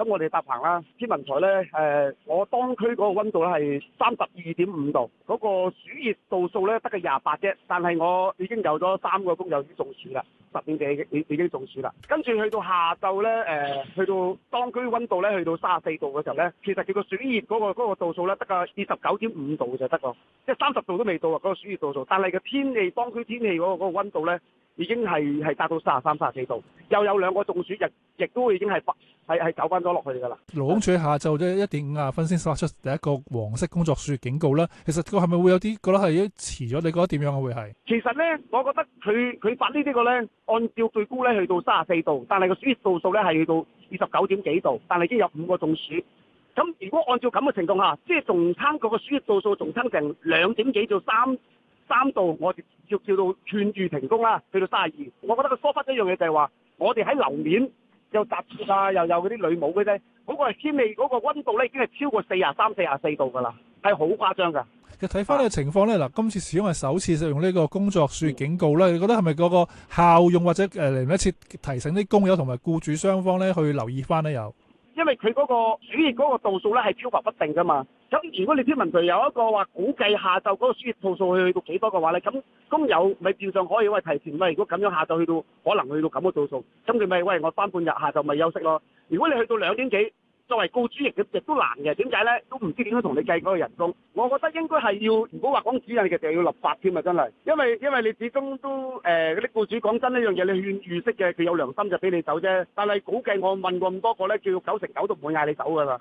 咁我哋搭棚啦，天文台呢，誒、呃，我當區嗰個温度咧係三十二點五度，嗰個暑熱度數呢得個廿八啫。但係我已經有咗三個工友已經中暑啦，十點幾已已經中暑啦。跟住去到下晝呢，誒、呃，去到當區温度呢，去到三十四度嘅時候呢，其實佢個暑熱嗰個嗰個度數呢得個二十九點五度就得咯，即係三十度都未到啊！嗰個暑熱度數，但係個天氣當區天氣嗰個嗰個温度呢。已經係係達到三十三、三十四度，又有兩個中暑日，亦都已經係係係走翻咗落去㗎啦。勞工處下晝咧一點五十分先發出第一個黃色工作暑熱警告啦。其實佢係咪會有啲覺得係遲咗？你覺得點樣會係？其實咧，我覺得佢佢發呢啲個咧，按照最高咧去到三十四度，但係個暑熱度數咧係去到二十九點幾度，但係已經有五個中暑。咁如果按照咁嘅情況下，即係仲差個個暑熱度數仲差成兩點幾到三，三度，我哋要叫到串住停工啦，去到三十二。我覺得佢疏忽一樣嘢，就係話我哋喺樓面又集結啊，又有嗰啲女帽嘅啫。嗰、那個天氣嗰、那個溫度咧，已經係超過四十三、四十四度噶啦，係好誇張噶。佢睇翻呢個情況咧，嗱、啊，今次始終係首次使用呢個工作暑熱警告啦。你覺得係咪嗰個效用或者誒，嚟、呃、一次提醒啲工友同埋僱主雙方咧，去留意翻咧？又？因為佢嗰個暑熱嗰個度數咧係飄忽不定噶嘛，咁如果你天文台有一個話估計下晝嗰個暑熱度數去到幾多嘅話咧，咁咁有咪變相可以喂，提前咪？如果咁樣下晝去到可能去到咁個度數，咁你咪喂，我返半日下晝咪休息咯。如果你去到兩點幾。作為僱主亦都亦都難嘅，點解咧？都唔知點樣同你計嗰個人工。我覺得應該係要，如果話講主任其實就要立法添啊！真係，因為因為你始終都誒嗰啲僱主講真呢樣嘢，你勸預識嘅，佢有良心就俾你走啫。但係估計我問過咁多個咧，叫九成九都唔會嗌你走㗎啦。